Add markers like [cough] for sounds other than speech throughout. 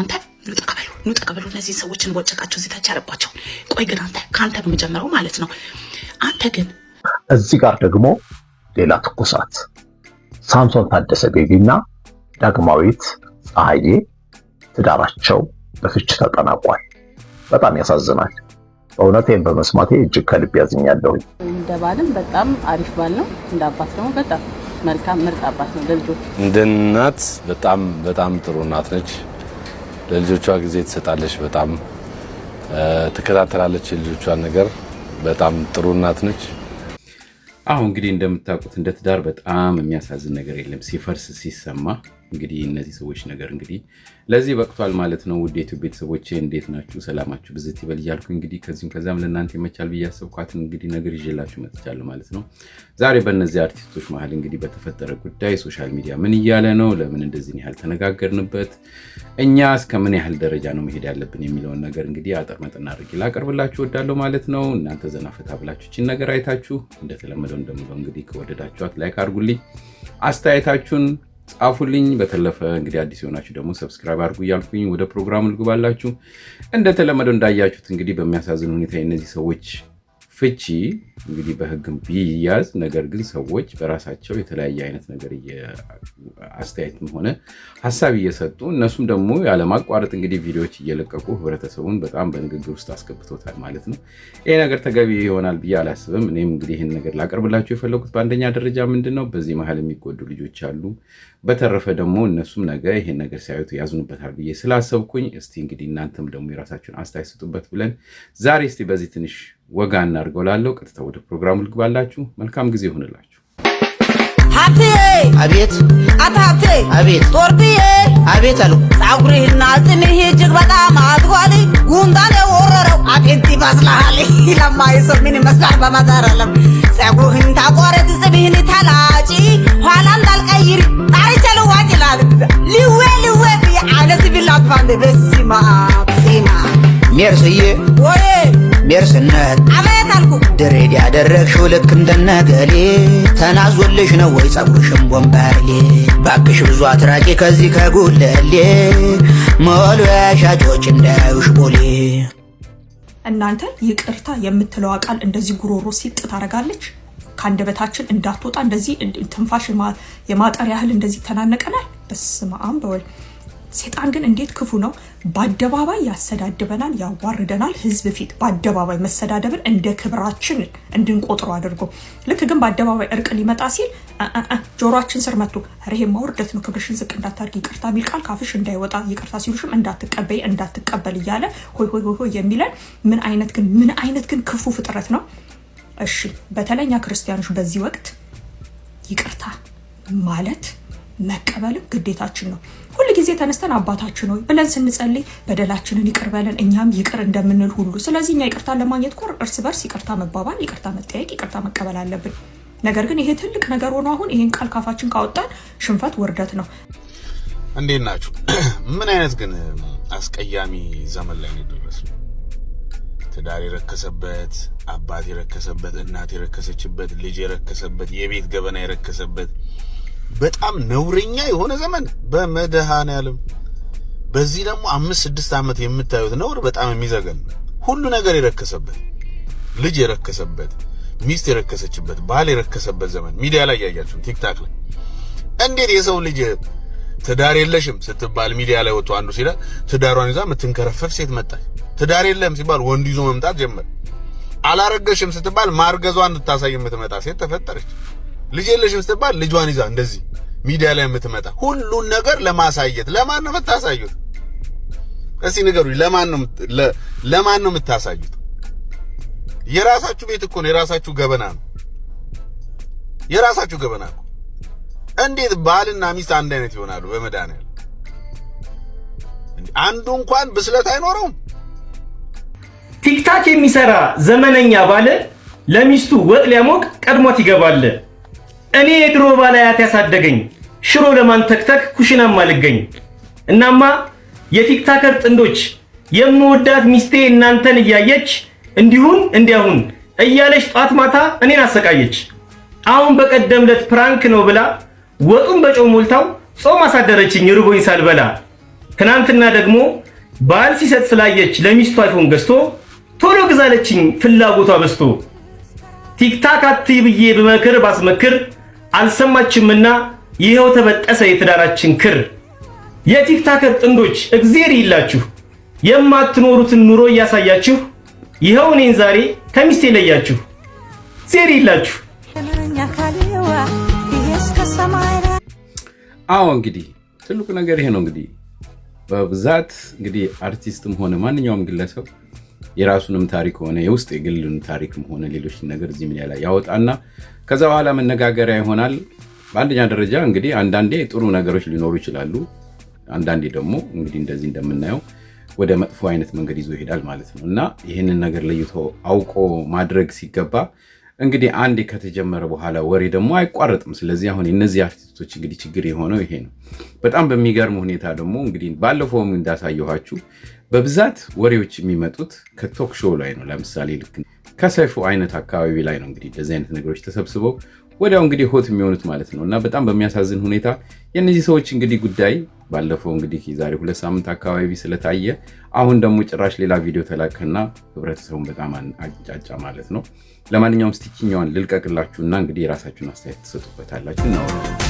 አንተ ኑ ተቀበሉ፣ ኑ ተቀበሉ። እነዚህ ሰዎችን ቦጨቃቸው እዚህ ተቸረባቸው። ቆይ ግን አንተ ከአንተ ነው የምጀምረው ማለት ነው። አንተ ግን እዚህ ጋር ደግሞ ሌላ ትኩሳት ሳምሶን ታደሰ ቤቢና ዳግማዊት ፀሐዬ ትዳራቸው በፍች ተጠናቋል። በጣም ያሳዝናል። በእውነት በመስማቴ እጅግ ከልብ ያዝኛለሁኝ። እንደ ባልም በጣም አሪፍ ባል ነው። እንደ አባት ደግሞ በጣም መልካም ምርጥ አባት ነው ለልጆቹ። እንደ እናት በጣም በጣም ጥሩ እናት ነች። ለልጆቿ ጊዜ ትሰጣለች፣ በጣም ትከታተላለች የልጆቿን ነገር። በጣም ጥሩ እናት ነች። አሁን እንግዲህ እንደምታውቁት እንደ ትዳር በጣም የሚያሳዝን ነገር የለም ሲፈርስ ሲሰማ እንግዲህ እነዚህ ሰዎች ነገር እንግዲህ ለዚህ በቅቷል ማለት ነው። ውዴቱ ቤተሰቦች ቤተሰቦቼ እንዴት ናችሁ? ሰላማችሁ ብዝት ይበል እያልኩ እንግዲህ ከዚህም ከዚያም ለእናንተ ይመቻል ብዬ እንግዲህ ነገር ይዤላችሁ መጥቻለሁ ማለት ነው። ዛሬ በእነዚህ አርቲስቶች መሀል እንግዲህ በተፈጠረ ጉዳይ ሶሻል ሚዲያ ምን እያለ ነው፣ ለምን እንደዚህ ያህል ተነጋገርንበት፣ እኛ እስከ ምን ያህል ደረጃ ነው መሄድ ያለብን የሚለውን ነገር እንግዲህ አጠር መጠን አድርጌ ላቀርብላችሁ ወዳለሁ ማለት ነው። እናንተ ዘና ፈታ ብላችሁ ችን ነገር አይታችሁ እንደተለመደው እንደምለው እንግዲህ ከወደዳችኋት ላይክ አድርጉልኝ አስተያየታችሁን ጻፉልኝ። በተለፈ እንግዲህ አዲስ የሆናችሁ ደግሞ ሰብስክራይብ አድርጉ እያልኩኝ ወደ ፕሮግራሙ ልግባላችሁ። እንደተለመደው እንዳያችሁት እንግዲህ በሚያሳዝን ሁኔታ የእነዚህ ሰዎች ፍቺ እንግዲህ በህግም ቢያዝ ነገር ግን ሰዎች በራሳቸው የተለያየ አይነት ነገር አስተያየትም ሆነ ሀሳብ እየሰጡ እነሱም ደግሞ ያለማቋረጥ እንግዲህ ቪዲዮዎች እየለቀቁ ህብረተሰቡን በጣም በንግግር ውስጥ አስገብቶታል ማለት ነው። ይህ ነገር ተገቢ ይሆናል ብዬ አላስብም። እኔም እንግዲህ ይህን ነገር ላቀርብላቸው የፈለጉት በአንደኛ ደረጃ ምንድን ነው በዚህ መሀል የሚጎዱ ልጆች አሉ። በተረፈ ደግሞ እነሱም ነገ ይሄን ነገር ሲያዩት ያዝኑበታል ብዬ ስላሰብኩኝ እስቲ እንግዲህ እናንተም ደግሞ የራሳችሁን አስተያየት ስጡበት ብለን ዛሬ እስቲ በዚህ ትንሽ ወጋ እናድርገው ላለው ቀጥታ ወደ ፕሮግራሙ ልግባላችሁ። መልካም ጊዜ ይሆንላችሁ። ሀብቴ አቤት። አቶ ሀብቴ አቤት። ጦርትዬ አቤት አሉ። እጅግ በጣም አድጓል። ጉንዳን የወረረው አጤት ይመስልሃል። ለማይሰው ምን ይመስላል? በመጠረለም ፀጉርህን ታቋረጥ ፂምህን ተላጭ፣ ኋላ እንዳልቀይር ጣሪቻ ልዋጭ ልዌ ልዌ ብዬ በስማ ሜርስዬ ወይ ቤርስነት አቤት አልኩ ድሬድ ያደረግሽው ልክ እንደነገሌ ተናዞልሽ ነው ወይ ጸጉርሽም ቦምባሌ ባክሽ ብዙ አትራቂ ከዚህ ከጉለሌ ሞሉ ሻጮች እንዳያዩሽ ቦሌ እናንተ ይቅርታ የምትለው ቃል እንደዚህ ጉሮሮ ሲጥ ታደርጋለች። ከአንደበታችን እንዳትወጣ እንደዚህ ትንፋሽ የማጠር ያህል እንደዚህ ተናነቀናል። በስመ አብ በወልድ ሴጣን ግን እንዴት ክፉ ነው! በአደባባይ ያሰዳድበናል፣ ያዋርደናል። ህዝብ ፊት በአደባባይ መሰዳደብን እንደ ክብራችን እንድንቆጥሩ አድርጎ ልክ ግን በአደባባይ እርቅ ሊመጣ ሲል ጆሮችን ስር መቶ ይሄ ማውርደት ነው፣ ክብርሽን ዝቅ እንዳታርግ፣ ይቅርታ ሚል ቃል ካፍሽ እንዳይወጣ፣ ይቅርታ ሲሉሽም እንዳትቀበይ እንዳትቀበል እያለ ሆይ ሆይ ሆይ የሚለን ምን አይነት ግን ምን አይነት ግን ክፉ ፍጥረት ነው! እሺ በተለኛ ክርስቲያኖች በዚህ ወቅት ይቅርታ ማለት መቀበልም ግዴታችን ነው። ሁል ጊዜ ተነስተን አባታችን ሆይ ብለን ስንጸልይ በደላችንን ይቅር በለን እኛም ይቅር እንደምንል ሁሉ፣ ስለዚህ እኛ ይቅርታ ለማግኘት ኮር እርስ በርስ ይቅርታ መባባል፣ ይቅርታ መጠያየቅ፣ ይቅርታ መቀበል አለብን። ነገር ግን ይሄ ትልቅ ነገር ሆኖ አሁን ይሄን ቃል ካፋችን ካወጣን ሽንፈት ውርደት ነው። እንዴት ናችሁ? [clears throat] ምን አይነት ግን አስቀያሚ ዘመን ላይ ደረስ ትዳር የረከሰበት፣ አባት የረከሰበት፣ እናት የረከሰችበት፣ ልጅ የረከሰበት፣ የቤት ገበና የረከሰበት በጣም ነውረኛ የሆነ ዘመን በመድኃኔዓለም በዚህ ደግሞ አምስት ስድስት ዓመት የምታዩት ነውር በጣም የሚዘገን ሁሉ ነገር የረከሰበት ልጅ የረከሰበት ሚስት የረከሰችበት ባል የረከሰበት ዘመን ሚዲያ ላይ ያያችሁ ቲክታክ ላይ እንዴት የሰው ልጅ ትዳር የለሽም ስትባል ሚዲያ ላይ ወጥቶ አንዱ ሲላ ትዳሯን ይዛ የምትንከረፈፍ ሴት መጣች። ትዳር የለም ሲባል ወንድ ይዞ መምጣት ጀመረ። አላረገሽም ስትባል ማርገዟን እንድታሳይ የምትመጣ ሴት ተፈጠረች። ልጅ የለሽም ስትባል ልጇን ይዛ እንደዚህ ሚዲያ ላይ የምትመጣ ሁሉን ነገር ለማሳየት ለማን ነው የምታሳዩት? እስቲ ንገሩኝ። ለማን ነው ለማን ነው የምታሳዩት? የራሳችሁ ቤት እኮ ነው። የራሳችሁ ገበና ነው። የራሳችሁ ገበና ነው። እንዴት ባልና ሚስት አንድ አይነት ይሆናሉ? በመድኃኒዓለም አንዱ እንኳን ብስለት አይኖረውም። ቲክታክ የሚሰራ ዘመነኛ ባል ለሚስቱ ወጥ ሊያሞቅ ቀድሞት ይገባል። እኔ የድሮ ባላያት ያሳደገኝ ሽሮ ለማንተክተክ ኩሽናም አልገኝ። እናማ የቲክታከር ጥንዶች የምወዳት ሚስቴ እናንተን እያየች እንዲሁን እንዲያሁን እያለች ጧት ማታ እኔን አሰቃየች። አሁን በቀደም ዕለት ፕራንክ ነው ብላ ወጡን በጨው ሞልታው ጾም አሳደረችኝ ርቦኝ ሳልበላ። ትናንትና ደግሞ ባል ሲሰጥ ስላየች ለሚስቱ አይፎን ገዝቶ ቶሎ ግዛለችኝ ፍላጎቷ በዝቶ። ቲክታክ አትይ ብዬ ብመክር ባስመክር አልሰማችምና ይኸው ተበጠሰ የትዳራችን ክር። የቲክታከር ጥንዶች እግዜር ይላችሁ የማትኖሩትን ኑሮ እያሳያችሁ ይኸው እኔን ዛሬ ከሚስቴ ለያችሁ። እግዜር ይላችሁ። አዎ እንግዲህ ትልቁ ነገር ይሄ ነው። እንግዲህ በብዛት እንግዲህ አርቲስትም ሆነ ማንኛውም ግለሰብ የራሱንም ታሪክ ሆነ የውስጥ የግልን ታሪክም ሆነ ሌሎች ነገር እዚህ ሚዲያ ላይ ያወጣና ከዛ በኋላ መነጋገሪያ ይሆናል። በአንደኛ ደረጃ እንግዲህ አንዳንዴ ጥሩ ነገሮች ሊኖሩ ይችላሉ። አንዳንዴ ደግሞ እንግዲህ እንደዚህ እንደምናየው ወደ መጥፎ አይነት መንገድ ይዞ ይሄዳል ማለት ነው እና ይህንን ነገር ለይቶ አውቆ ማድረግ ሲገባ እንግዲህ አንዴ ከተጀመረ በኋላ ወሬ ደግሞ አይቋረጥም። ስለዚህ አሁን የነዚህ አርቲስቶች እንግዲህ ችግር የሆነው ይሄ ነው። በጣም በሚገርም ሁኔታ ደግሞ እንግዲህ ባለፈውም እንዳሳየኋችሁ በብዛት ወሬዎች የሚመጡት ከቶክ ሾው ላይ ነው። ለምሳሌ ልክ ከሰይፉ አይነት አካባቢ ላይ ነው እንግዲህ እንደዚህ አይነት ነገሮች ተሰብስበው ወዲያው እንግዲህ ሆት የሚሆኑት ማለት ነው። እና በጣም በሚያሳዝን ሁኔታ የእነዚህ ሰዎች እንግዲህ ጉዳይ ባለፈው እንግዲህ የዛሬ ሁለት ሳምንት አካባቢ ስለታየ አሁን ደግሞ ጭራሽ ሌላ ቪዲዮ ተላከና ህብረተሰቡን በጣም አጫጫ ማለት ነው። ለማንኛውም ስቲችኛዋን እና እንግዲህ የራሳችሁን አስተያየት ትሰጡበታላችሁ። እናወራለን።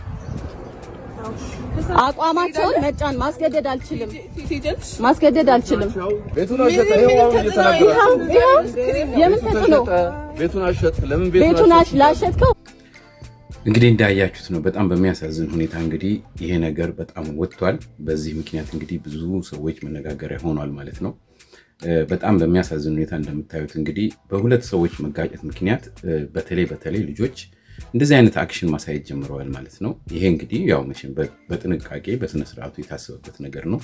አቋማቸውን መጫን ማስገደድ አልችልም፣ ማስገደድ አልችልም። የምን ቤቱን ላሸጥከው። እንግዲህ እንዳያችሁት ነው። በጣም በሚያሳዝን ሁኔታ እንግዲህ ይሄ ነገር በጣም ወጥቷል። በዚህ ምክንያት እንግዲህ ብዙ ሰዎች መነጋገሪያ ሆኗል ማለት ነው። በጣም በሚያሳዝን ሁኔታ እንደምታዩት እንግዲህ በሁለት ሰዎች መጋጨት ምክንያት በተለይ በተለይ ልጆች እንደዚህ አይነት አክሽን ማሳየት ጀምረዋል ማለት ነው። ይሄ እንግዲህ ያው መቼም በጥንቃቄ በስነስርዓቱ የታሰበበት ነገር ነው።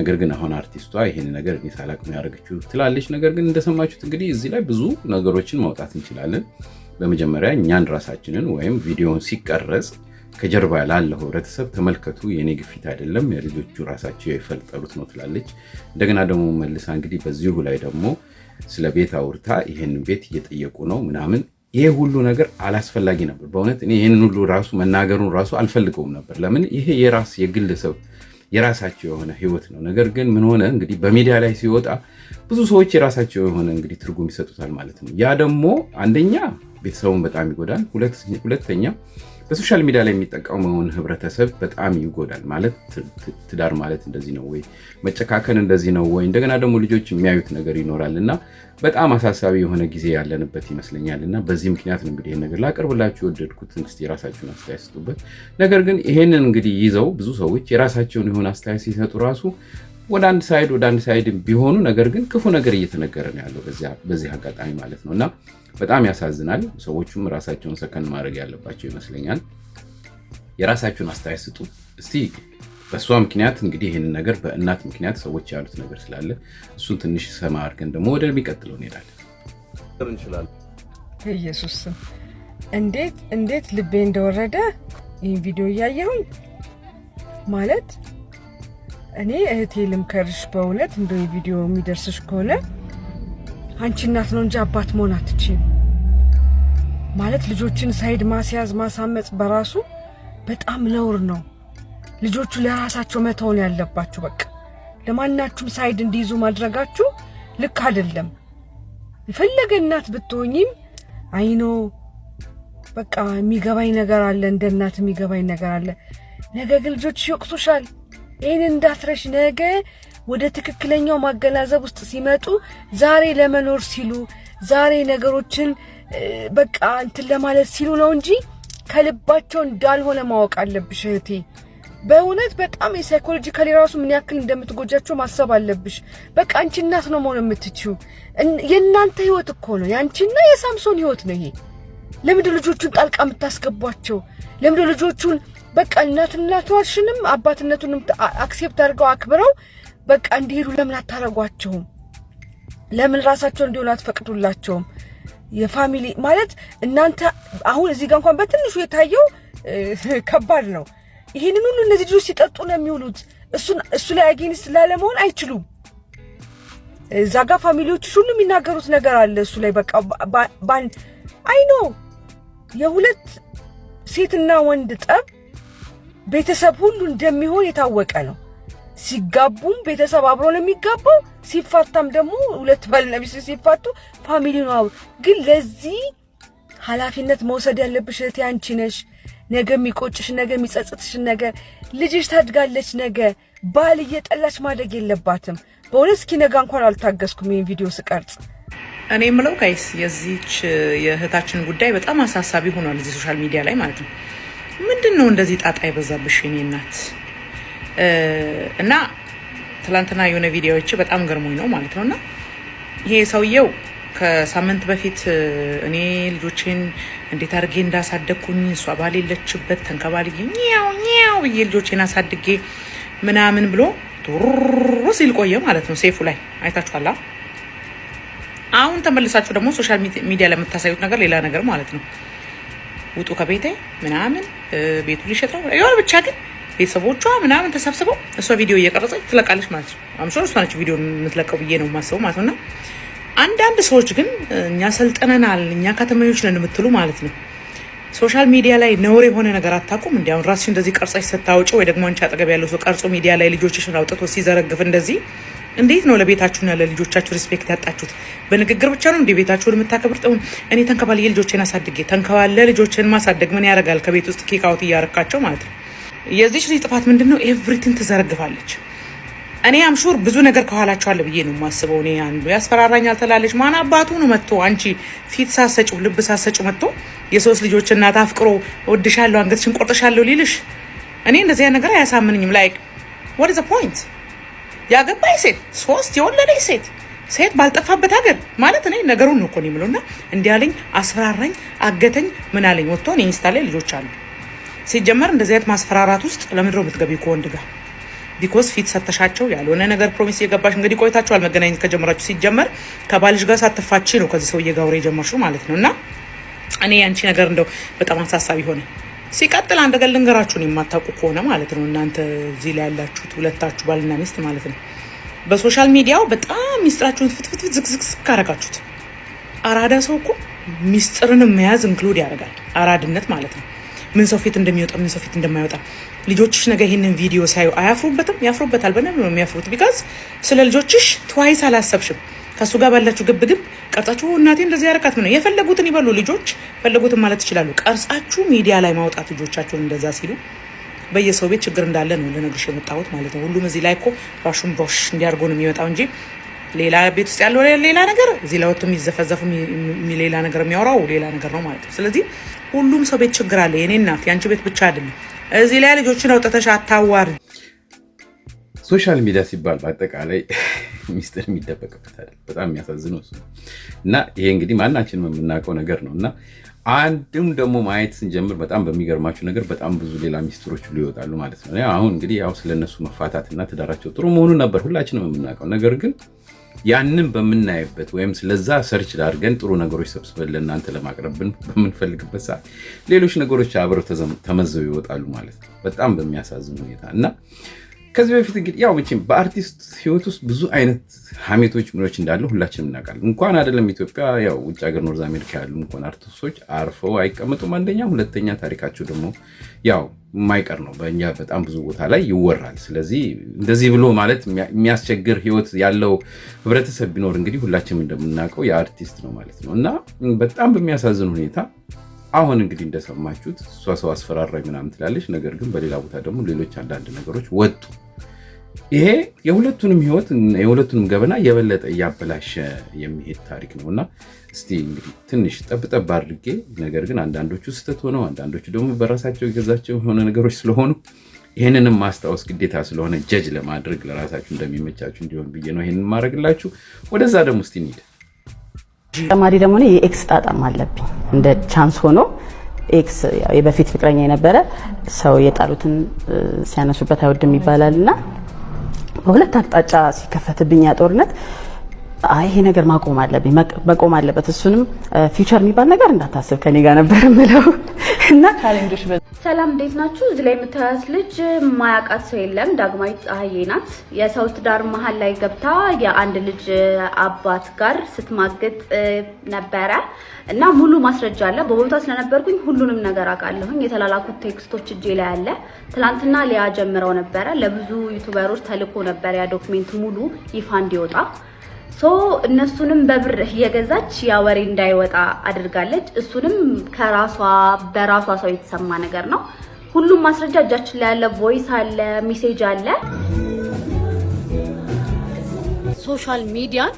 ነገር ግን አሁን አርቲስቷ ይሄን ነገር እኔ ሳላቅ ነው ያደረገችው ትላለች። ነገር ግን እንደሰማችሁት እንግዲህ እዚህ ላይ ብዙ ነገሮችን ማውጣት እንችላለን። በመጀመሪያ እኛን ራሳችንን ወይም ቪዲዮን ሲቀረጽ ከጀርባ ላለው ህብረተሰብ ተመልከቱ፣ የእኔ ግፊት አይደለም የልጆቹ ራሳቸው የፈጠሩት ነው ትላለች። እንደገና ደግሞ መልሳ እንግዲህ በዚሁ ላይ ደግሞ ስለ ቤት አውርታ ይህን ቤት እየጠየቁ ነው ምናምን ይሄ ሁሉ ነገር አላስፈላጊ ነበር። በእውነት እኔ ይህን ሁሉ ራሱ መናገሩን ራሱ አልፈልገውም ነበር። ለምን ይሄ የራስ የግለሰብ የራሳቸው የሆነ ህይወት ነው። ነገር ግን ምን ሆነ እንግዲህ በሚዲያ ላይ ሲወጣ ብዙ ሰዎች የራሳቸው የሆነ እንግዲህ ትርጉም ይሰጡታል ማለት ነው። ያ ደግሞ አንደኛ ቤተሰቡን በጣም ይጎዳል፣ ሁለተኛ በሶሻል ሚዲያ ላይ የሚጠቀመውን ህብረተሰብ በጣም ይጎዳል። ማለት ትዳር ማለት እንደዚህ ነው ወይ? መጨካከን እንደዚህ ነው ወይ? እንደገና ደግሞ ልጆች የሚያዩት ነገር ይኖራል እና በጣም አሳሳቢ የሆነ ጊዜ ያለንበት ይመስለኛል እና በዚህ ምክንያት ነው እንግዲህ ይህን ነገር ላቀርብላችሁ የወደድኩት። እስኪ የራሳችሁን አስተያየት ስጡበት። ነገር ግን ይሄንን እንግዲህ ይዘው ብዙ ሰዎች የራሳቸውን የሆነ አስተያየት ሲሰጡ ራሱ ወደ አንድ ሳይድ ወደ አንድ ሳይድ ቢሆኑ ነገር ግን ክፉ ነገር እየተነገረ ነው ያለው በዚህ አጋጣሚ ማለት ነው እና በጣም ያሳዝናል። ሰዎቹም ራሳቸውን ሰከን ማድረግ ያለባቸው ይመስለኛል። የራሳችሁን አስተያየት ስጡ እስቲ በእሷ ምክንያት እንግዲህ ይህንን ነገር በእናት ምክንያት ሰዎች ያሉት ነገር ስላለ እሱን ትንሽ ሰማ አድርገን ደግሞ ወደሚቀጥለው እንሄዳለን። እንችላለን ኢየሱስ ስም እንዴት እንዴት ልቤ እንደወረደ ይህን ቪዲዮ እያየሁኝ ማለት እኔ እህቴ ልምከርሽ፣ በእውነት እንደ ቪዲዮ የሚደርስሽ ከሆነ አንቺ እናት ነው እንጂ አባት መሆን አትችይም። ማለት ልጆችን ሳይድ ማስያዝ ማሳመፅ በራሱ በጣም ነውር ነው። ልጆቹ ለራሳቸው መተውን ያለባችሁ። በቃ ለማናችሁም ሳይድ እንዲይዙ ማድረጋችሁ ልክ አይደለም። የፈለገ እናት ብትሆኝም አይኖ በቃ የሚገባኝ ነገር አለ፣ እንደ እናት የሚገባኝ ነገር አለ። ነገ ግን ልጆች ይወቅሱሻል። ይህን እንዳትረሽ። ነገ ወደ ትክክለኛው ማገናዘብ ውስጥ ሲመጡ ዛሬ ለመኖር ሲሉ ዛሬ ነገሮችን በቃ እንትን ለማለት ሲሉ ነው እንጂ ከልባቸው እንዳልሆነ ማወቅ አለብሽ እህቴ። በእውነት በጣም የሳይኮሎጂካሊ ራሱ ምን ያክል እንደምትጎጃቸው ማሰብ አለብሽ። በቃ አንቺ እናት ነው መሆን የምትችው። የእናንተ ህይወት እኮ ነው፣ የአንቺና የሳምሶን ህይወት ነው ይሄ። ለምንድን ልጆቹን ጣልቃ የምታስገቧቸው? ለምንድን ልጆቹን በቃ አልሽንም አባትነቱንም አክሴፕት አድርገው አክብረው በቃ እንዲሄዱ ለምን አታረጓቸውም? ለምን ራሳቸው እንዲሆኑ አትፈቅዱላቸውም? የፋሚሊ ማለት እናንተ አሁን እዚህ ጋር እንኳን በትንሹ የታየው ከባድ ነው። ይሄንን ሁሉ እነዚህ ልጆች ሲጠጡ ነው የሚውሉት። እሱ ላይ አጌንስት ላለመሆን አይችሉም። እዛ ጋር ፋሚሊዎች ሁሉ የሚናገሩት ነገር አለ እሱ ላይ በቃ አይ ኖ የሁለት ሴትና ወንድ ጠብ ቤተሰብ ሁሉ እንደሚሆን የታወቀ ነው። ሲጋቡም ቤተሰብ አብሮ ነው የሚጋባው። ሲፋታም ደግሞ ሁለት ባልና ሚስት ሲፋቱ ፋሚሊ ነው። ግን ለዚህ ኃላፊነት መውሰድ ያለብሽ እህቴ አንቺ ነሽ። ነገ የሚቆጭሽ፣ ነገ የሚጸጽትሽን ነገ ልጅሽ ታድጋለች፣ ነገ ባል እየጠላች ማደግ የለባትም። በእውነት እስኪ ነጋ እንኳን አልታገስኩም ይህን ቪዲዮ ስቀርጽ። እኔ የምለው ጋይስ የዚች የእህታችን ጉዳይ በጣም አሳሳቢ ሆኗል፣ እዚህ ሶሻል ሚዲያ ላይ ማለት ነው። ምንድን ነው እንደዚህ ጣጣ የበዛብሽ የኔ እናት? እና ትላንትና የሆነ ቪዲዮዎች በጣም ገርሞኝ ነው ማለት ነው እና ይሄ ሰውየው ከሳምንት በፊት እኔ ልጆቼን እንዴት አድርጌ እንዳሳደግኩኝ እሷ ባሌለችበት ተንከባልዬ ኛው ኛው ብዬ ልጆቼን አሳድጌ ምናምን ብሎ ቱሩ ሲል ቆየ ማለት ነው። ሴፉ ላይ አይታችኋላ። አሁን ተመልሳችሁ ደግሞ ሶሻል ሚዲያ ለምታሳዩት ነገር ሌላ ነገር ማለት ነው። ውጡ ከቤቴ ምናምን ቤቱ ሊሸጥ ነው የሆነ ብቻ ግን ቤተሰቦቿ ምናምን ተሰብስበው እሷ ቪዲዮ እየቀረጸች ትለቃለች ማለት ነው። አምሶ እሷ ነች ቪዲዮ የምትለቀው ብዬ ነው የማስበው ማለት ነው አንዳንድ ሰዎች ግን እኛ ሰልጥነናል፣ እኛ ከተማዎች ነን የምትሉ ማለት ነው ሶሻል ሚዲያ ላይ ነውር የሆነ ነገር አታውቁም። እንዲ አሁን ራስሽ እንደዚህ ቀርጸሽ ስታወጪ ወይ ደግሞ አንቺ አጠገብ ያለው ሰው ቀርጾ ሚዲያ ላይ ልጆችሽን አውጥቶ ሲዘረግፍ እንደዚህ እንዴት ነው ለቤታችሁና ለልጆቻችሁ ሪስፔክት ያጣችሁት? በንግግር ብቻ ነው እንዲ ቤታችሁን የምታከብር? ጥሙ እኔ ተንከባልዬ ልጆችን አሳድጌ ተንከባለ ልጆችን ማሳደግ ምን ያደርጋል? ከቤት ውስጥ ኬካውት እያረካቸው ማለት ነው። የዚች ልጅ ጥፋት ምንድን ነው? ኤቭሪቲንግ ትዘረግፋለች። እኔ አምሹር ብዙ ነገር ከኋላቸው አለ ብዬ ነው የማስበው። እኔ አንዱ ያስፈራራኛል ትላለች። ማን አባቱ ነው መጥቶ አንቺ ፊት ሳሰጭው ልብ ሳሰጭው መጥቶ የሶስት ልጆች እናት አፍቅሮ ወድሻለሁ፣ አንገትሽን ቆርጥሻለሁ ሊልሽ እኔ እንደዚያ ነገር አያሳምንኝም። ላይክ ወደ ዘ ፖይንት ያገባኝ ሴት ሶስት የወለደኝ ሴት ሴት ባልጠፋበት ሀገር ማለት እኔ ነገሩን ነው እኮ ነው የምለውና እንዲህ አስፈራራኝ፣ አገተኝ፣ ምናለኝ ወጥቶ እኔ ኢንስታ ላይ ልጆች አሉ። ሲጀመር እንደዚህ አይነት ማስፈራራት ውስጥ ለምድሮ የምትገቢ ከወንድ ጋር ቢኮዝ ፊት ሰተሻቸው ያልሆነ ነገር ፕሮሚስ እየገባሽ እንግዲህ ቆይታችኋል መገናኘት ከጀመራችሁ። ሲጀመር ከባልሽ ጋር ሳትፋች ነው ከዚህ ሰውዬ ጋር ወሬ የጀመርሽው ማለት ነው። እና እኔ ያንቺ ነገር እንደው በጣም አሳሳቢ ሆነ። ሲቀጥል አንድ ነገር ልንገራችሁን የማታውቁ ከሆነ ማለት ነው እናንተ እዚህ ላይ ያላችሁት ሁለታችሁ ባልና ሚስት ማለት ነው በሶሻል ሚዲያው በጣም ሚስጥራችሁን ፍትፍትፍት ዝግዝግዝግ ካረጋችሁት አራዳ ሰው እኮ ሚስጥርንም መያዝ ኢንክሉድ ያደርጋል። አራድነት ማለት ነው ምን ሰው ፊት እንደሚወጣ ምን ሰው ፊት እንደማይወጣ ልጆችሽ ነገ ይህንን ቪዲዮ ሳዩ አያፍሩበትም? ያፍሩበታል። በደንብ ነው የሚያፍሩት። ቢካዝ ስለ ልጆችሽ ትዋይስ አላሰብሽም። ከእሱ ጋር ባላችሁ ግብ ቀርጻችሁ እናቴ እንደዚህ ያረካት ነው። የፈለጉትን ይበሉ ልጆች ፈለጉትን ማለት ይችላሉ። ቀርጻችሁ ሚዲያ ላይ ማውጣት ልጆቻቸውን እንደዛ ሲሉ በየሰው ቤት ችግር እንዳለ ነው ልነግርሽ የመጣሁት ማለት ነው። ሁሉም እዚህ ላይ እኮ ራሹን ቦሽ እንዲያርጎ ነው የሚመጣው እንጂ ሌላ ቤት ውስጥ ያለው ሌላ ነገር፣ እዚህ ላይ የሚዘፈዘፉ ሌላ ነገር፣ የሚያወራው ሌላ ነገር ነው ማለት ነው። ስለዚህ ሁሉም ሰው ቤት ችግር አለ። የኔ እናት የአንቺ ቤት ብቻ አይደለም። እዚህ ላይ ልጆችን አውጥተሽ አታዋር። ሶሻል ሚዲያ ሲባል በአጠቃላይ [laughs] ሚስጥር አይደል? በጣም የሚያሳዝነው እሱ እና ይሄ እንግዲህ ማናችንም የምናውቀው ነገር ነው እና አንድም ደግሞ ማየት ስንጀምር በጣም በሚገርማቸው ነገር በጣም ብዙ ሌላ ሚስጥሮች ሁሉ ይወጣሉ ማለት ነው። አሁን እንግዲህ ያው ስለነሱ መፋታትና ትዳራቸው ጥሩ መሆኑን ነበር ሁላችንም የምናውቀው ነገር ግን ያንን በምናይበት ወይም ስለዛ ሰርች ላድርገን ጥሩ ነገሮች ሰብስበን ለእናንተ ለማቅረብ በምንፈልግበት ሰዓት ሌሎች ነገሮች አብረው ተመዘው ይወጣሉ ማለት ነው። በጣም በሚያሳዝን ሁኔታ እና ከዚህ በፊት እንግዲህ ያው መቼም በአርቲስት ህይወት ውስጥ ብዙ አይነት ሀሜቶች ምኖች እንዳለ ሁላችንም እናውቃለን። እንኳን አይደለም ኢትዮጵያ፣ ያው ውጭ ሀገር ኖርዝ አሜሪካ ያሉ እንኳን አርቲስቶች አርፈው አይቀመጡም። አንደኛ፣ ሁለተኛ ታሪካቸው ደግሞ ያው የማይቀር ነው። በእኛ በጣም ብዙ ቦታ ላይ ይወራል። ስለዚህ እንደዚህ ብሎ ማለት የሚያስቸግር ህይወት ያለው ህብረተሰብ ቢኖር እንግዲህ ሁላችንም እንደምናውቀው የአርቲስት ነው ማለት ነው እና በጣም በሚያሳዝን ሁኔታ አሁን እንግዲህ እንደሰማችሁት እሷ ሰው አስፈራራኝ ምናምን ትላለች። ነገር ግን በሌላ ቦታ ደግሞ ሌሎች አንዳንድ ነገሮች ወጡ። ይሄ የሁለቱንም ህይወት የሁለቱንም ገበና የበለጠ እያበላሸ የሚሄድ ታሪክ ነው እና እስቲ እንግዲህ ትንሽ ጠብጠብ አድርጌ ነገር ግን አንዳንዶቹ ስህተት ሆነው አንዳንዶቹ ደግሞ በራሳቸው የገዛቸው የሆነ ነገሮች ስለሆኑ ይህንንም ማስታወስ ግዴታ ስለሆነ ጀጅ ለማድረግ ለራሳችሁ እንደሚመቻችሁ እንዲሆን ብዬ ነው ይህንን ማድረግላችሁ። ወደዛ ደግሞ እስቲ እንሂድ። ተጨማሪ ደግሞ የኤክስ ጣጣም አለብኝ እንደ ቻንስ ሆኖ ኤክስ የበፊት ፍቅረኛ የነበረ ሰው የጣሉትን ሲያነሱበት አይወድም ይባላል እና በሁለት አቅጣጫ ሲከፈትብኛ ጦርነት አይ ይሄ ነገር ማቆም አለብኝ መቆም አለበት። እሱንም ፊውቸር የሚባል ነገር እንዳታስብ ከኔ ጋር ነበር ምለው እና ቻሌንጆች ሰላም እንዴት ናችሁ? እዚህ ላይ የምታያት ልጅ ማያውቃት ሰው የለም። ዳግማዊት ፀሐዬ ናት። የሰው ትዳር መሀል ላይ ገብታ የአንድ ልጅ አባት ጋር ስትማግጥ ነበረ እና ሙሉ ማስረጃ አለ። በቦታ ስለነበርኩኝ ሁሉንም ነገር አውቃለሁኝ። የተላላኩት ቴክስቶች እጄ ላይ አለ። ትናንትና ሊያ ጀምረው ነበረ። ለብዙ ዩቱበሮች ተልኮ ነበር ያ ዶክሜንት ሙሉ ይፋ እንዲወጣ ሶ እነሱንም በብር እየገዛች ያ ወሬ እንዳይወጣ አድርጋለች። እሱንም ከራሷ በራሷ ሰው የተሰማ ነገር ነው። ሁሉም ማስረጃ እጃችን ላይ ያለ ቮይስ አለ፣ ሜሴጅ አለ። ሶሻል ሚዲያን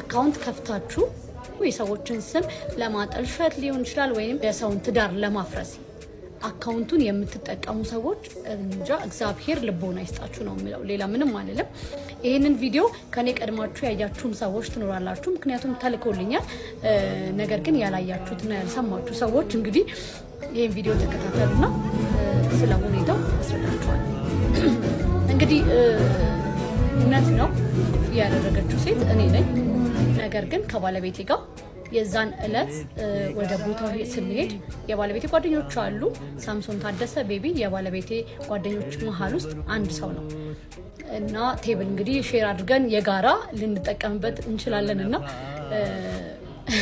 አካውንት ከፍታችሁ የሰዎችን ስም ለማጠልሸት ሊሆን ይችላል፣ ወይም የሰውን ትዳር ለማፍረስ አካውንቱን የምትጠቀሙ ሰዎች እንጃ እግዚአብሔር ልቦና ይስጣችሁ ነው የምለው። ሌላ ምንም አልልም። ይህንን ቪዲዮ ከኔ ቀድማችሁ ያያችሁም ሰዎች ትኖራላችሁ፣ ምክንያቱም ተልኮልኛል። ነገር ግን ያላያችሁትና ያልሰማችሁ ሰዎች እንግዲህ ይህን ቪዲዮ ተከታተሉና ስለ ሁኔታው አስረዳችኋል። [clears throat] እንግዲህ እውነት ነው ያደረገችው ሴት እኔ ነኝ። ነገር ግን ከባለቤቴ ጋር የዛን እለት ወደ ቦታው ስንሄድ የባለቤቴ ጓደኞች አሉ። ሳምሶን ታደሰ ቤቢ የባለቤቴ ጓደኞች መሀል ውስጥ አንድ ሰው ነው እና ቴብል እንግዲህ ሼር አድርገን የጋራ ልንጠቀምበት እንችላለን እና [laughs]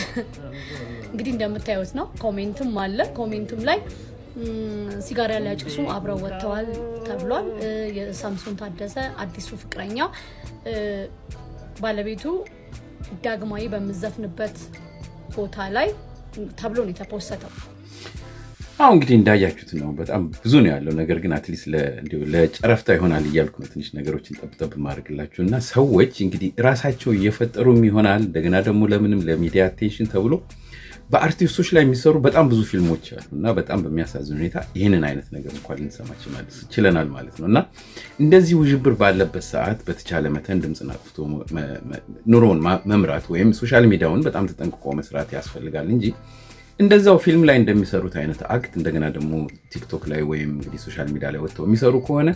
እንግዲህ እንደምታዩት ነው። ኮሜንትም አለ። ኮሜንትም ላይ ሲጋራ ሊያጭሱ አብረው ወጥተዋል ተብሏል። የሳምሶን ታደሰ አዲሱ ፍቅረኛ ባለቤቱ ዳግማዊ በምዘፍንበት ቦታ ላይ ተብሎ ነው የተፖሰተው። አሁ እንግዲህ እንዳያችሁት ነው። በጣም ብዙ ነው ያለው ነገር ግን አትሊስት ለጨረፍታ ይሆናል እያልኩ ነው ትንሽ ነገሮችን ጠብጠብ ማድረግላችሁ እና ሰዎች እንግዲህ ራሳቸው እየፈጠሩም ይሆናል እንደገና ደግሞ ለምንም ለሚዲያ አቴንሽን ተብሎ በአርቲስቶች ላይ የሚሰሩ በጣም ብዙ ፊልሞች አሉ እና በጣም በሚያሳዝን ሁኔታ ይህንን አይነት ነገር እንኳን ልንሰማችን ችለናል ማለት ነው እና እንደዚህ ውዥብር ባለበት ሰዓት በተቻለ መተን ድምፅን አጥፍቶ ኑሮውን መምራት ወይም ሶሻል ሚዲያውን በጣም ተጠንቅቆ መስራት ያስፈልጋል እንጂ እንደዛው ፊልም ላይ እንደሚሰሩት አይነት አክት እንደገና ደግሞ ቲክቶክ ላይ ወይም እንግዲህ ሶሻል ሚዲያ ላይ ወጥተው የሚሰሩ ከሆነ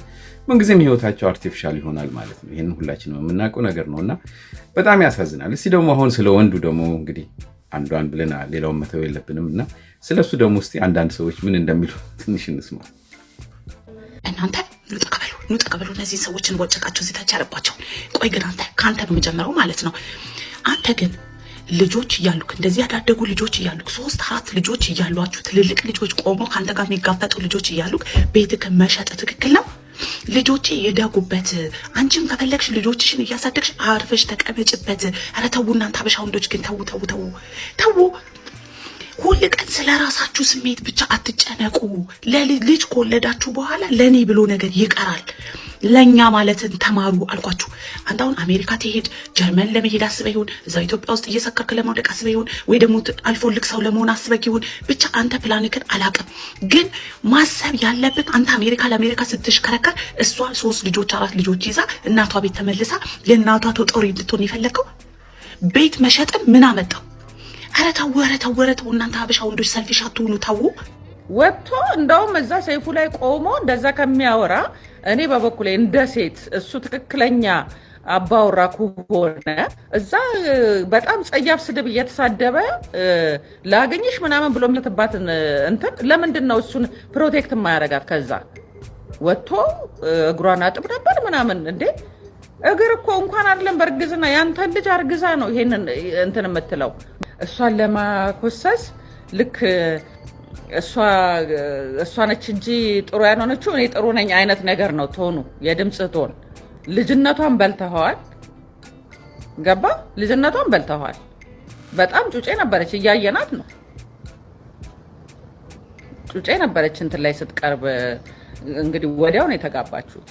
ምንጊዜም ህይወታቸው አርቲፊሻል ይሆናል ማለት ነው። ይህንን ሁላችንም የምናውቀው ነገር ነው እና በጣም ያሳዝናል። እስቲ ደግሞ አሁን ስለ ወንዱ ደግሞ እንግዲህ አንዷን ብለናል፣ ሌላውን መተው የለብንም እና ስለሱ ደግሞ ውስ አንዳንድ ሰዎች ምን እንደሚሉ ትንሽ እንስማ። እናንተ ኑጥ ቅበሉ፣ ኑጥ ቅበሉ እነዚህ ሰዎች በወጨቃቸው ዜታች ያለባቸው። ቆይ ግን አንተ ከአንተ ነው መጀመሪያው ማለት ነው። አንተ ግን ልጆች እያሉክ እንደዚህ ያዳደጉ ልጆች እያሉክ ሶስት አራት ልጆች እያሏችሁ ትልልቅ ልጆች ቆሞ ከአንተ ጋር የሚጋፈጡ ልጆች እያሉክ ቤትክ መሸጥ ትክክል ነው? ልጆቼ ይደጉበት። አንቺም ከፈለግሽ ልጆችሽን እያሳደግሽ አርፈሽ ተቀመጭበት። ኧረ ተው እናንተ ሀበሻ ወንዶች ግን ተው ተው ተው ተው። ሁል ቀን ስለ ራሳችሁ ስሜት ብቻ አትጨነቁ። ለልጅ ከወለዳችሁ በኋላ ለእኔ ብሎ ነገር ይቀራል። ለእኛ ማለትን ተማሩ አልኳችሁ። አንተ አሁን አሜሪካ ትሄድ ጀርመን ለመሄድ አስበ ይሁን እዛው ኢትዮጵያ ውስጥ እየሰከርክ ለማውደቅ አስበ ይሁን ወይ ደግሞ አልፎ ልቅ ሰው ለመሆን አስበክ ይሁን ብቻ አንተ ፕላንክን አላቅም። ግን ማሰብ ያለብን አንተ አሜሪካ ለአሜሪካ ስትሽከረከር እሷ ሶስት ልጆች አራት ልጆች ይዛ እናቷ ቤት ተመልሳ የእናቷ ተጦሪ እንድትሆን የፈለግከው ቤት መሸጥም ምን አመጣው? ኧረ ተው፣ ኧረ ተው፣ ኧረ ተው እናንተ ሀበሻ ወንዶች ሰልፊሽ አትሆኑ ተው። ወጥቶ እንደውም እዛ ሰይፉ ላይ ቆሞ እንደዛ ከሚያወራ እኔ በበኩሌ እንደ ሴት እሱ ትክክለኛ አባወራ ከሆነ እዛ በጣም ጸያፍ ስድብ እየተሳደበ ላገኝሽ ምናምን ብሎ ምልትባት እንትን ለምንድን ነው እሱን ፕሮቴክት የማያደርጋት? ከዛ ወጥቶ እግሯን አጥብ ነበር ምናምን እንዴ እግር እኮ እንኳን አይደለም በእርግዝና ያንተን ልጅ አርግዛ ነው ይሄንን እንትን የምትለው እሷን ለማኮሰስ ልክ እሷ ነች እንጂ ጥሩ ያልሆነችው እኔ ጥሩ ነኝ አይነት ነገር ነው ቶኑ፣ የድምፅ ቶን። ልጅነቷን በልተኸዋል። ገባ? ልጅነቷን በልተኸዋል። በጣም ጩጬ ነበረች፣ እያየናት ነው። ጩጬ ነበረች እንትን ላይ ስትቀርብ። እንግዲህ ወዲያው ነው የተጋባችሁት።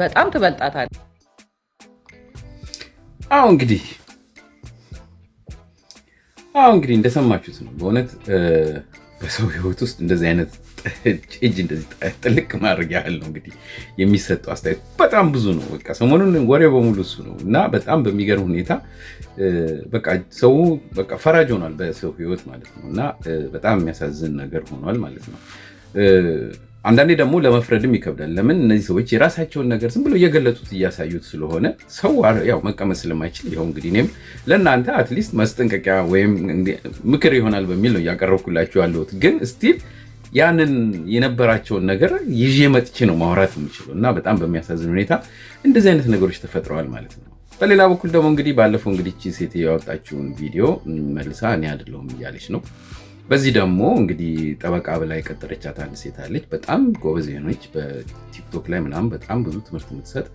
በጣም ትበልጣታል። አሁ እንግዲህ አዎ እንግዲህ እንደሰማችሁት ነው። በእውነት በሰው ህይወት ውስጥ እንደዚህ አይነት እጅ እንደዚህ ጥልቅ ማድረግ ያህል ነው እንግዲህ የሚሰጠው አስተያየት በጣም ብዙ ነው። በቃ ሰሞኑን ወሬ በሙሉ እሱ ነው እና በጣም በሚገርም ሁኔታ በቃ ሰው በቃ ፈራጅ ሆኗል በሰው ህይወት ማለት ነው እና በጣም የሚያሳዝን ነገር ሆኗል ማለት ነው። አንዳንዴ ደግሞ ለመፍረድም ይከብዳል። ለምን እነዚህ ሰዎች የራሳቸውን ነገር ዝም ብሎ እየገለጹት እያሳዩት ስለሆነ ሰው ያው መቀመጥ ስለማይችል ይኸው እንግዲህ እኔም ለእናንተ አትሊስት መስጠንቀቂያ ወይም ምክር ይሆናል በሚል ነው እያቀረብኩላችሁ ያለሁት። ግን ስቲል ያንን የነበራቸውን ነገር ይዤ መጥቼ ነው ማውራት የምችለው እና በጣም በሚያሳዝን ሁኔታ እንደዚህ አይነት ነገሮች ተፈጥረዋል ማለት ነው። በሌላ በኩል ደግሞ እንግዲህ ባለፈው እንግዲህ ሴት ያወጣችውን ቪዲዮ መልሳ እኔ አይደለሁም እያለች ነው በዚህ ደግሞ እንግዲህ ጠበቃ ብላ የቀጠረቻት አንድ ሴት አለች። በጣም ጎበዝ የሆነች በቲክቶክ ላይ ምናምን በጣም ብዙ ትምህርት የምትሰጥ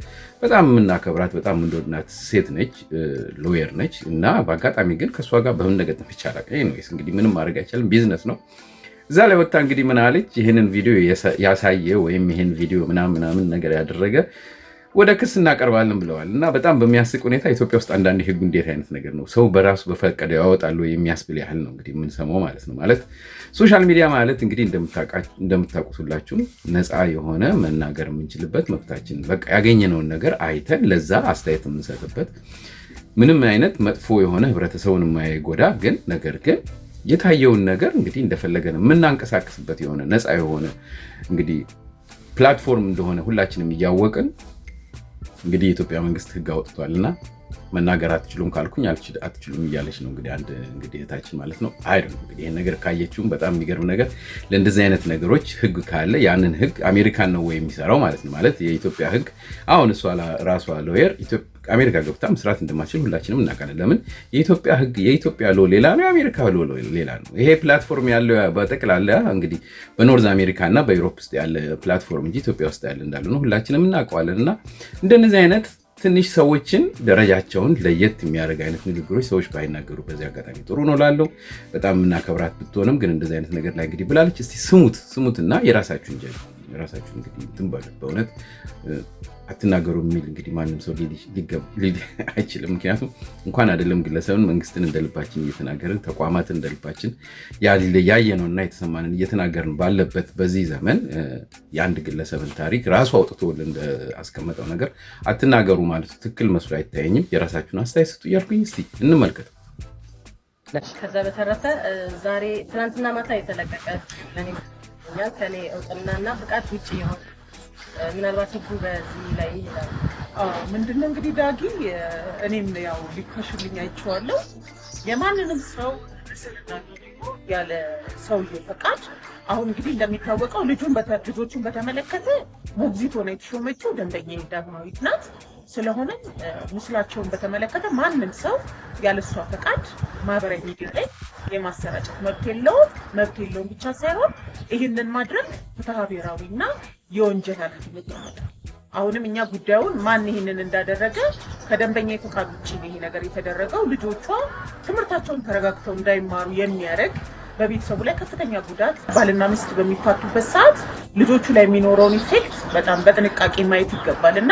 በጣም የምናከብራት በጣም የምንወዳት ሴት ነች፣ ሎየር ነች። እና በአጋጣሚ ግን ከእሷ ጋር በምን ነገር እንግዲህ ምንም ማድረግ አይቻልም፣ ቢዝነስ ነው። እዛ ላይ ወጥታ እንግዲህ ምን አለች? ይህንን ቪዲዮ ያሳየ ወይም ይህን ቪዲዮ ምናምን ምናምን ነገር ያደረገ ወደ ክስ እናቀርባለን ብለዋል እና በጣም በሚያስቅ ሁኔታ ኢትዮጵያ ውስጥ አንዳንድ ህጉ እንዴት አይነት ነገር ነው ሰው በራሱ በፈቀደ ያወጣሉ የሚያስብል ያህል ነው እንግዲህ የምንሰማው ማለት ነው። ማለት ሶሻል ሚዲያ ማለት እንግዲህ እንደምታውቁት ነፃ የሆነ መናገር የምንችልበት መብታችን በቃ ያገኘነውን ነገር አይተን ለዛ አስተያየት የምንሰጥበት ምንም አይነት መጥፎ የሆነ ህብረተሰቡን የማይጎዳ ግን ነገር ግን የታየውን ነገር እንግዲህ እንደፈለገን የምናንቀሳቀስበት የሆነ ነፃ የሆነ እንግዲህ ፕላትፎርም እንደሆነ ሁላችንም እያወቅን እንግዲህ የኢትዮጵያ መንግስት ህግ አውጥቷል እና መናገር አትችሉም ካልኩኝ አትችሉም እያለች ነው እንግዲህ አንድ እንግዲህ እህታችን ማለት ነው አይር እንግዲህ ይህን ነገር ካየችውም በጣም የሚገርም ነገር ለእንደዚህ አይነት ነገሮች ህግ ካለ ያንን ህግ አሜሪካን ነው ወይ የሚሰራው ማለት ነው ማለት የኢትዮጵያ ህግ አሁን እሷ ራሷ ሎየር አሜሪካ ገብታ መስራት እንደማችል ሁላችንም እናውቃለን ለምን የኢትዮጵያ ህግ የኢትዮጵያ ሎ ሌላ ነው የአሜሪካ ሎ ሌላ ነው ይሄ ፕላትፎርም ያለው በጠቅላላ እንግዲህ በኖርዝ አሜሪካ እና በዩሮፕ ውስጥ ያለ ፕላትፎርም እንጂ ኢትዮጵያ ውስጥ ያለ እንዳለ ነው ሁላችንም እናውቀዋለን እና እንደነዚህ አይነት ትንሽ ሰዎችን ደረጃቸውን ለየት የሚያደርግ አይነት ንግግሮች ሰዎች ባይናገሩ በዚህ አጋጣሚ ጥሩ ነው ላለው በጣም የምናከብራት ብትሆንም ግን እንደዚህ አይነት ነገር ላይ እንግዲህ ብላለች። እስቲ ስሙት ስሙትና የራሳችሁ እንጀ የራሳችሁ እንግዲህ እንትን በሉት በእውነት አትናገሩ የሚል እንግዲህ ማንም ሰው [laughs] አይችልም። ምክንያቱም እንኳን አይደለም ግለሰብን መንግስትን እንደልባችን እየተናገርን ተቋማትን እንደልባችን ነው እና የተሰማንን እየተናገርን ባለበት በዚህ ዘመን የአንድ ግለሰብን ታሪክ ራሱ አውጥቶ አስቀመጠው ነገር አትናገሩ ማለቱ ትክክል መስሎ አይታየኝም። የራሳችሁን አስተያየት ስጡ እያልኩኝ እስቲ እንመልከት። ከዛ በተረፈ ዛሬ ትናንትና ማታ የተለቀቀ ከኔ እውቅናና ፍቃድ ውጭ የሆነ ምናልባት ህጉ በዚህ ላይ ይሄዳል። ምንድነው እንግዲህ ዳጊ፣ እኔም ያው ሊከሹልኝ አይቼዋለሁ። የማንንም ሰው ያለ ሰውዬ ፈቃድ አሁን እንግዲህ እንደሚታወቀው ልጁን ልጆቹን በተመለከተ ሞግዚት ሆነ የተሾመችው ደንበኛ ዳግማዊት ናት። ስለሆነም ምስላቸውን በተመለከተ ማንም ሰው ያለሷ ፈቃድ ማህበራዊ ሚዲያ ላይ የማሰራጨት መብት የለውም። መብት የለውም ብቻ ሳይሆን ይህንን ማድረግ ፍትሐ ብሔራዊና የወንጀል ኃላፊነት አሁንም እኛ ጉዳዩን ማን ይህንን እንዳደረገ ከደንበኛ የፈቃድ ውጭ ይሄ ነገር የተደረገው ልጆቿ ትምህርታቸውን ተረጋግተው እንዳይማሩ የሚያደርግ በቤተሰቡ ላይ ከፍተኛ ጉዳት ባልና ሚስት በሚፋቱበት ሰዓት ልጆቹ ላይ የሚኖረውን ኢፌክት በጣም በጥንቃቄ ማየት ይገባል እና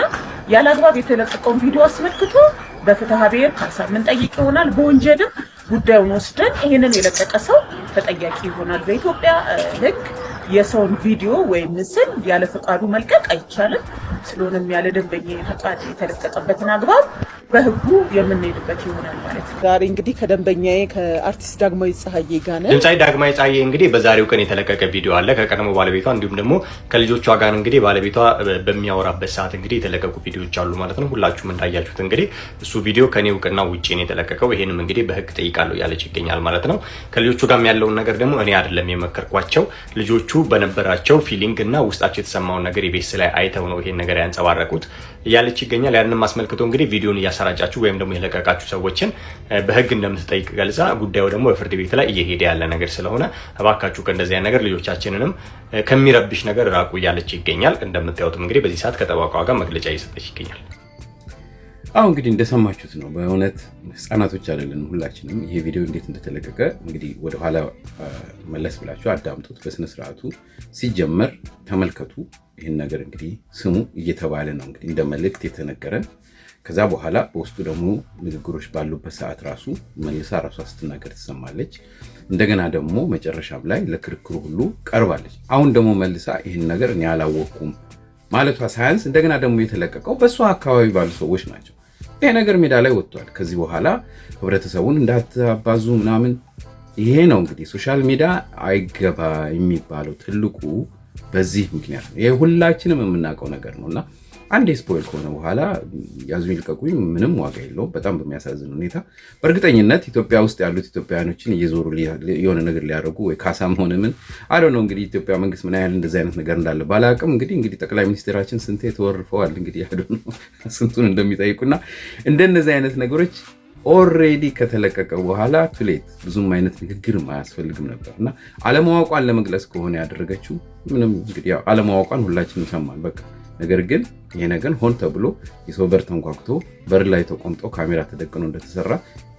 ያለ አግባብ የተለቀቀውን ቪዲዮ አስመልክቶ በፍትሐ ብሔር ካሳ የምንጠይቅ ይሆናል። በወንጀልም ጉዳዩን ወስደን ይህንን የለቀቀ ሰው ተጠያቂ ይሆናል በኢትዮጵያ ሕግ። የሰውን ቪዲዮ ወይም ምስል ያለ ፈቃዱ መልቀቅ አይቻልም። ስለሆነም ያለ ደንበኛ ፈቃድ የተለቀቀበትን አግባብ በህጉ የምንሄድበት ይሆናል ማለት ነው። ዛሬ እንግዲህ ከደንበኛዬ ከአርቲስት ዳግማዊ ፀሐዬ ጋር ድምፃዊ ዳግማዊ ፀሐዬ እንግዲህ በዛሬው ቀን የተለቀቀ ቪዲዮ አለ ከቀድሞ ባለቤቷ እንዲሁም ደግሞ ከልጆቿ ጋር እንግዲህ ባለቤቷ በሚያወራበት ሰዓት እንግዲህ የተለቀቁ ቪዲዮዎች አሉ ማለት ነው። ሁላችሁም እንዳያችሁት እንግዲህ እሱ ቪዲዮ ከኔ እውቅና ውጭ ነው የተለቀቀው። ይሄንም እንግዲህ በህግ ጠይቃለሁ ያለች ይገኛል ማለት ነው። ከልጆቹ ጋርም ያለውን ነገር ደግሞ እኔ አይደለም የመከርኳቸው ልጆቹ በነበራቸው ፊሊንግ እና ውስጣቸው የተሰማውን ነገር የቤት ስላይ አይተው ነው ይሄን ነገር ያንጸባረቁት። እያለች ይገኛል። ያንንም አስመልክቶ እንግዲህ ቪዲዮን እያሰራጫችሁ ወይም ደግሞ የለቀቃችሁ ሰዎችን በህግ እንደምትጠይቅ ገልጻ ጉዳዩ ደግሞ በፍርድ ቤት ላይ እየሄደ ያለ ነገር ስለሆነ እባካችሁ ከእንደዚህ አይነት ነገር ልጆቻችንንም ከሚረብሽ ነገር ራቁ እያለች ይገኛል። እንደምታዩትም እንግዲህ በዚህ ሰዓት ከጠበቃዋ ጋር መግለጫ እየሰጠች ይገኛል። አሁ እንግዲህ እንደሰማችሁት ነው። በእውነት ህፃናቶች አይደለን ሁላችንም። ይሄ ቪዲዮ እንዴት እንደተለቀቀ እንግዲህ ወደኋላ መለስ ብላችሁ አዳምጡት በስነስርዓቱ ሲጀመር ተመልከቱ። ይህን ነገር እንግዲህ ስሙ እየተባለ ነው እንግዲህ እንደ መልእክት የተነገረን። ከዛ በኋላ በውስጡ ደግሞ ንግግሮች ባሉበት ሰዓት ራሱ መልሳ ራሷ ስትናገር ትሰማለች። እንደገና ደግሞ መጨረሻም ላይ ለክርክሩ ሁሉ ቀርባለች። አሁን ደግሞ መልሳ ይህን ነገር እኔ አላወቅኩም ማለቷ ሳያንስ እንደገና ደግሞ የተለቀቀው በእሷ አካባቢ ባሉ ሰዎች ናቸው። ይሄ ነገር ሜዳ ላይ ወጥቷል። ከዚህ በኋላ ህብረተሰቡን እንዳታባዙ ምናምን። ይሄ ነው እንግዲህ ሶሻል ሚዲያ አይገባ የሚባለው ትልቁ በዚህ ምክንያት ነው። ይሄ ሁላችንም የምናውቀው ነገር ነው እና አንዴ ስፖይል ከሆነ በኋላ ያዙኝ ልቀቁኝ ምንም ዋጋ የለውም። በጣም በሚያሳዝን ሁኔታ በእርግጠኝነት ኢትዮጵያ ውስጥ ያሉት ኢትዮጵያውያኖችን እየዞሩ የሆነ ነገር ሊያደርጉ ወይ ካሳም ሆነ ምን አለ ነው እንግዲህ ኢትዮጵያ መንግስት ምን ያህል እንደዚህ አይነት ነገር እንዳለ ባላቅም፣ እንግዲህ እንግዲህ ጠቅላይ ሚኒስትራችን ስንት ተወርፈዋል እንግዲህ ነው [laughs] ስንቱን እንደሚጠይቁና እንደነዚህ አይነት ነገሮች ኦሬዲ ከተለቀቀ በኋላ ቱሌት ብዙም አይነት ንግግር አያስፈልግም ነበር እና አለማወቋን ለመግለጽ ከሆነ ያደረገችው ምንም እንግዲህ አለማወቋን ሁላችንም ሰማን በቃ ነገር ግን ይሄ ነገር ሆን ተብሎ የሰው በር ተንኳኩቶ በር ላይ ተቆምጦ ካሜራ ተደቅኖ እንደተሰራ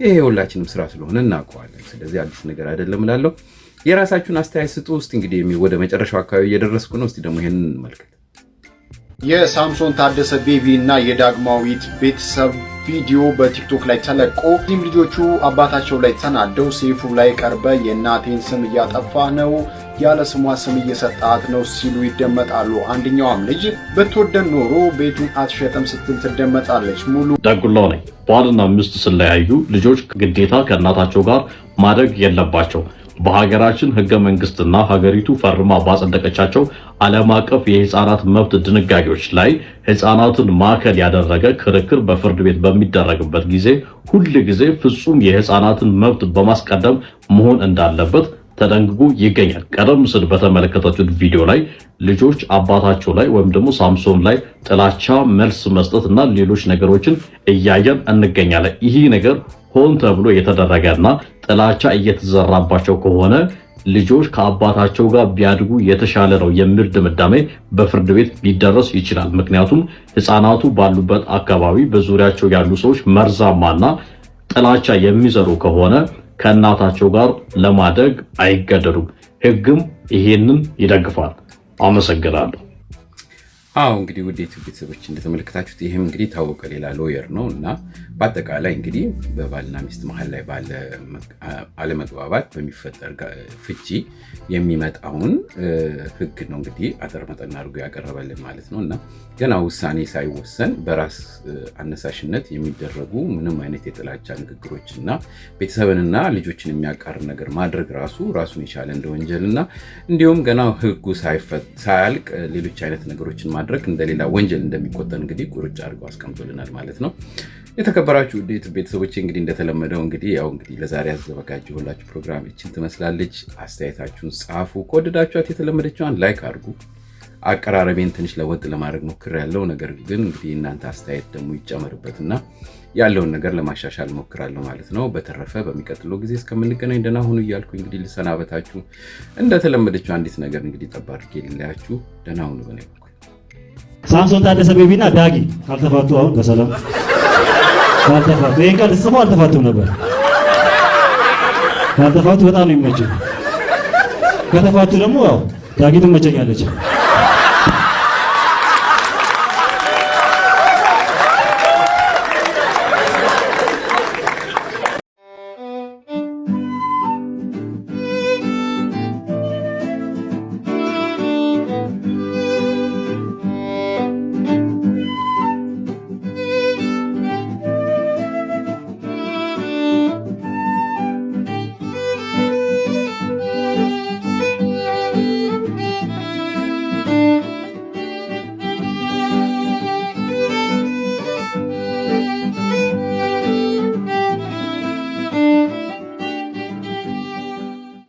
ይሄ የሁላችንም ስራ ስለሆነ እናውቀዋለን። ስለዚህ አዲስ ነገር አይደለም እላለሁ። የራሳችሁን አስተያየት ስጡ። ውስጥ እንግዲህ ወደ መጨረሻው አካባቢ እየደረስኩ ነው። እስቲ ደግሞ ይሄንን እንመልከት። የሳምሶን ታደሰ ቤቢ እና የዳግማዊት ቤተሰብ ቪዲዮ በቲክቶክ ላይ ተለቆ እዚህም ልጆቹ አባታቸው ላይ ተናደው ሴፉ ላይ ቀርበ የእናቴን ስም እያጠፋ ነው ያለ ስሟ ስም እየሰጣት ነው ሲሉ ይደመጣሉ። አንደኛዋም ልጅ ብትወደን ኖሮ ቤቱን አትሸጥም ስትል ትደመጣለች። ሙሉ ደጉላው ነኝ። ባልና ሚስት ስለያዩ ልጆች ግዴታ ከእናታቸው ጋር ማደግ የለባቸው በሀገራችን ህገ መንግስትና ሀገሪቱ ፈርማ ባጸደቀቻቸው ዓለም አቀፍ የህፃናት መብት ድንጋጌዎች ላይ ህፃናትን ማዕከል ያደረገ ክርክር በፍርድ ቤት በሚደረግበት ጊዜ ሁል ጊዜ ፍጹም የህፃናትን መብት በማስቀደም መሆን እንዳለበት ተደንግጎ ይገኛል። ቀደም ሲል በተመለከታችሁት ቪዲዮ ላይ ልጆች አባታቸው ላይ ወይም ደግሞ ሳምሶን ላይ ጥላቻ መልስ መስጠት እና ሌሎች ነገሮችን እያየን እንገኛለን። ይህ ነገር ሆን ተብሎ የተደረገ እና ጥላቻ እየተዘራባቸው ከሆነ ልጆች ከአባታቸው ጋር ቢያድጉ የተሻለ ነው የሚል ድምዳሜ በፍርድ ቤት ሊደረስ ይችላል። ምክንያቱም ሕፃናቱ ባሉበት አካባቢ በዙሪያቸው ያሉ ሰዎች መርዛማና ጥላቻ የሚዘሩ ከሆነ ከእናታቸው ጋር ለማደግ አይገደዱም። ህግም ይሄንን ይደግፋል። አመሰግናለሁ። አዎ እንግዲህ ውዴቱ ቤተሰቦች እንደተመለከታችሁት ይህም እንግዲህ ታወቀ ሌላ ሎየር ነው እና በአጠቃላይ እንግዲህ በባልና ሚስት መሀል ላይ ባለ አለመግባባት በሚፈጠር ፍቺ የሚመጣውን ህግ ነው እንግዲህ አጠር መጠን አድርጎ ያቀረበልን ማለት ነው እና ገና ውሳኔ ሳይወሰን በራስ አነሳሽነት የሚደረጉ ምንም አይነት የጥላቻ ንግግሮች እና ቤተሰብንና ልጆችን የሚያቃር ነገር ማድረግ ራሱ ራሱን የቻለ እንደ ወንጀል እና እንዲሁም ገና ህጉ ሳያልቅ ሌሎች አይነት ነገሮችን ማድረግ እንደሌላ ወንጀል እንደሚቆጠር እንግዲህ ቁርጭ አድርገው አስቀምጦልናል ማለት ነው። የተከበራችሁ ውዴት ቤተሰቦች እንግዲህ እንደተለመደው እንግዲህ ያው እንግዲህ ለዛሬ ያዘጋጀሁላችሁ ፕሮግራም ይችን ትመስላለች። አስተያየታችሁን ጻፉ። ከወደዳችኋት የተለመደችዋን ላይክ አድርጉ። አቀራረቤን ትንሽ ለወጥ ለማድረግ ያለው ነገር ግን እንግዲህ እናንተ አስተያየት ደግሞ ይጨመርበትና ያለውን ነገር ለማሻሻል ሞክራለሁ ማለት ነው። በተረፈ በሚቀጥለው ጊዜ እስከምንገናኝ ደህና ሁኑ እያልኩ እንግዲህ ልሰናበታችሁ። እንደተለመደችው አንዲት ነገር እንግዲህ ጠብ አድርጌ ልለያችሁ። ደህና ሁኑ። በኔ በኩል ሳምሶን ታደሰ ቤቢና ዳጊ ካልተፋቱ አሁን በሰላም ማልተፋቱ ይሄን ቃል ጽፎ አልተፋቱም ነበር። ማልተፋቱ በጣም ነው የሚመቸው። ከተፋቱ ደግሞ ያው ዳጊት ትመቸኛለች።